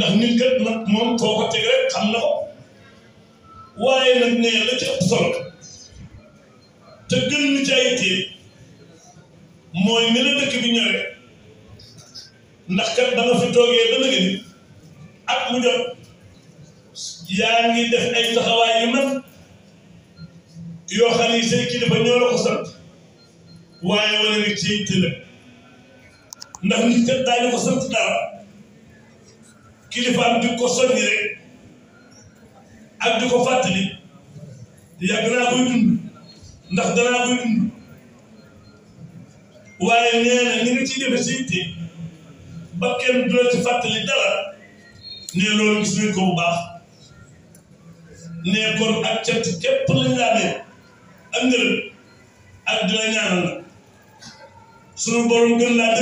ndax nit moom koo ko teg rek xam na ko waaye nag ne la ci ëpp solo te gën li mooy ni la dëkk bi ndax kat da fi toogee dana gën ak mu jot yaa ngi def ay taxawaay yu mag yoo xam ne say kilifa ñoo la ko sant waaye wala nit ci yitte la ndax nit kat daañu ko sant dara. kilifaam di ko soññi rek ak di ko fàttali ndax danaa koy dund ni nga ciy defe si itte ba kenn du fàttali dara ne loolu gis ko baax ne kon ak cant képp laa ne ak ngërëm ak di la ñaanal la sunu borom gën laa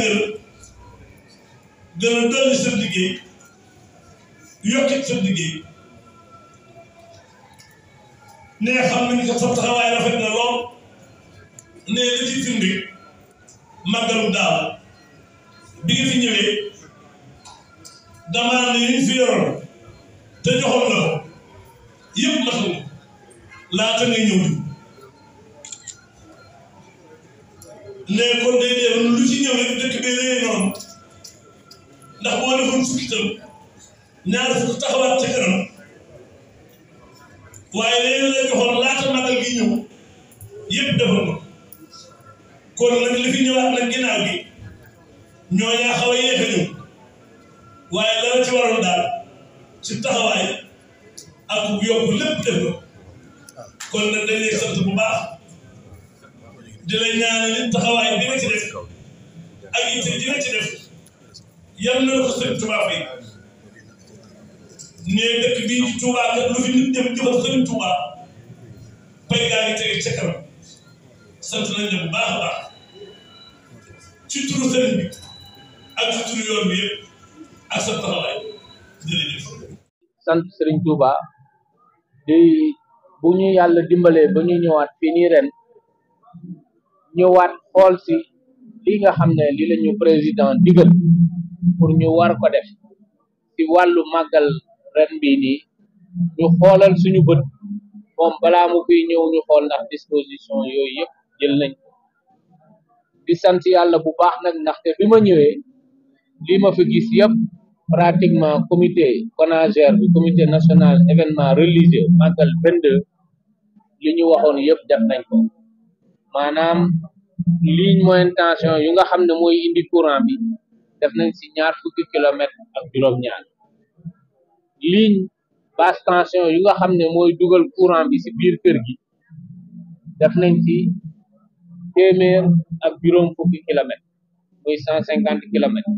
yokkit sa liggéey ne xam nañ ko sa taxawaay rafet na lool ne li ci firnde màggalu daaw bi nga fi ñëwee damaa ne yi te joxoon la ko yëpp matal laata ngay ñëw di ne kon day dee lu ci ñëw ndax boo defoon fukki ñaar fukk taxawaat ca kanam waaye léegi la joxoon laata magal gi ñëw yëpp defal ko kon nag li fi ñëwaat nag ginnaaw gi ñoo ñaa xaw a a ñëw waaye dara ci waroon daal ci taxawaay ak bu yokku lépp ko kon nag dañ lay bu baax di la ñaanal nit taxawaay bi nga ci def ak itte dina ci def yal na ko sëñ Tuubaa fay ne dëkk bii di Touba kat nit dem jëfal sëriñ Touba pay gaa ngi tege ca sant nañ la bu baax bu ñuy yàlla dimbalee ba ñu ñëwaat fii nii ren ñëwaat xool si li nga xam ne li la président digal pour ñu war ko def ci wàllu màggal ren bii ñu xoolal suñu bët moom balaa mu fiy ñëw ñu xool ndax disposition yooyu yëpp jël nañ ko di yàlla bu baax nag ndaxte bi ma ñëwee lii ma fi gis yëpp pratiquement comité CONAGER bi comité national événement religieux màggal 22 li ñu waxoon yëpp def nañ ko maanaam ligne moyenne tension yu nga xam ne mooy indi courant bi def nañ si ñaar fukki kilomètre ak juróom-ñaar ligne basse tension yu nga xam ne mooy dugal courant bi si biir kër gi def nañ ci téeméer ak juróom fukki kilomètres muy cent cinquante kilomètres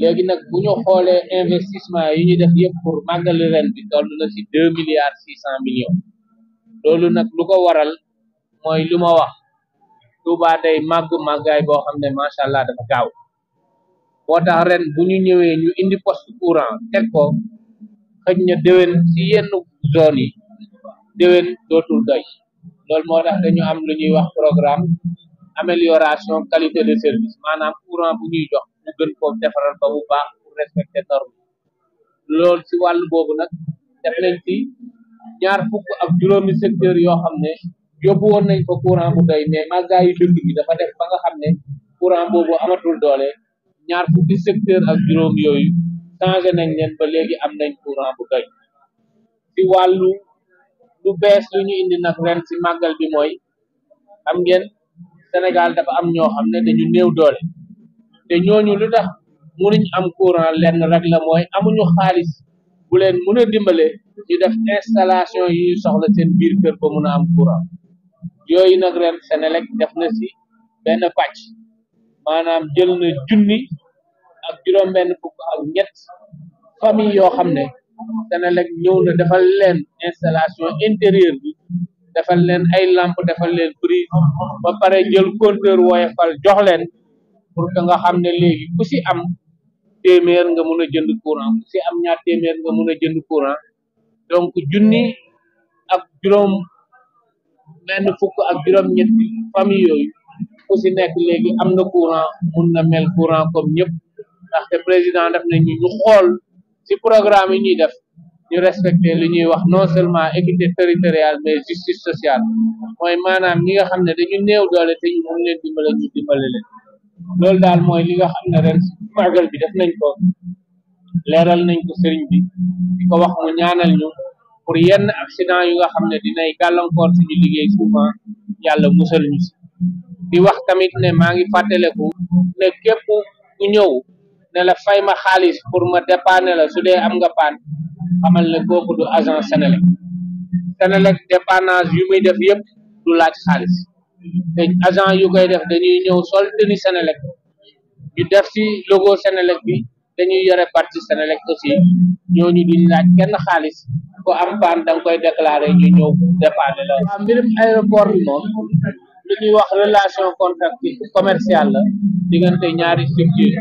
léegi nag bu ñu xoolee investissement yi ñu def yëpp pour màggali ren bi toll na ci deux milliards six cent millions loolu nag lu ko waral mooy lu ma wax Touba day màgg màggaay boo xam ne macha allah dafa gaaw moo tax ren bu ñu ñëwee ñu indi poste courant teg ko xëj na déwén si yenn zone yi déwén dootul doy loolu moo tax dañu am lu ñuy wax programme amélioration qualité de service maanaam courant bu ñuy jox mu gën koo defaral ba bu baax respecter norme loolu si wàll boobu nag def nañ ci ñaar fukk ak juróomi secteur yoo xam ne yóbbu woon nañ fa courant bu doy mais màggaayu dëkk bi dafa def ba nga xam ne courant boobu amatul doole ñaar fukki secteur ak juróom yooyu changé nañ leen ba léegi am na courant bu doy ci wàllu lu bees lu ñu indi nag ren ci màggal bi mooy am ngeen Sénégal dafa am ñoo xam ne dañu néew doole te ñooñu lu tax mënuñ am courant lenn rek la mooy amuñu xaalis bu leen mën a dimbale ñu def installation yu soxla seen biir kër ba mën a am courant yooyu nag ren Senelec def na ci benn pàcc maanaam jël na junni ak juróom benn fukk ñett famille yoo xam ne Senelec ñëw na defal leen installation intérieure bi defal leen ay lamp defal leen prise ba pare jël compteur woyofal jox leen pour que nga xam ne léegi ku am téeméer nga mun a jënd courant ku si am ñaar téeméer nga mun a jënd courant donc junni ak juróom benn fukk ak juróom ñetti famille yooyu ku si nekk léegi am na courant mun na mel courant comme ñëpp président def na ñu ñu ci programme yi ñuy def ñu respecter li ñuy wax non seulement équité territoriale mais justice sociale mooy maanaam ñi nga xam ne dañu néew doole te ñu mën leen dimbale ñu dimbale leen loolu daal mooy li nga xam ne ren màggal bi def nañ ko leeral nañ ko sëriñ bi di ko wax mu ñaanal ñu pour yenn accident yu nga xam ne dinay gàllankoor suñu liggéey souvent yàlla musal ñu si di wax tamit ne maa ngi fàttaleku ne képp ku ñëw ne la fay ma xaalis pour ma dépanner la su dee am nga paan xamal ne kooku du agent Senelec Senelec dépannage yu muy def yëpp du laaj xaalis te agent yu koy def dañuy ñëw sol tenue Senelec ñu def ci logo Senelec bi dañuy yore parti Senelec aussi ñooñu duñ laaj kenn xaalis ko am paan da nga koy déclarer ñu ñëw dépanner la waaw mbirum aéroport bi moom lu ñuy wax relation contract commerciale la diggante ñaari structure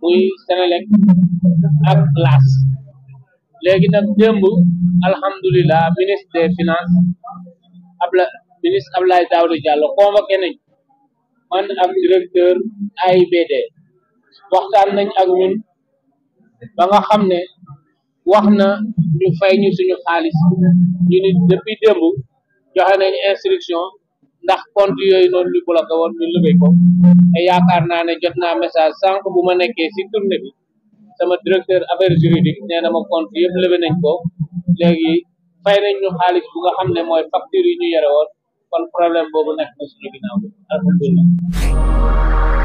muy Senelec ak LAS léegi nag démb alhamdulilah ministre des finances abla ministre Abdoulaye Daouda Diallo convoqué nañ man ak directeur AIBD waxtaan nañ ak ñun ba nga xam ne wax na ñu fay ñu suñu xaalis ñu ni depuis démb joxe nañ instruction ndax compte yooyu noonu lu bloqué woon ñu liggéey ko te yaakaar naa ne jot naa message sànq bu ma nekkee si tournée bi sama directeur affaires juridiques nee na ma compte yëpp lebe nañ ko léegi fay nañ xaalis bu nga xam ne mooy facture yi ñu yore woon kon problème boobu nekk na suñu ginnaaw bi alhamdulilah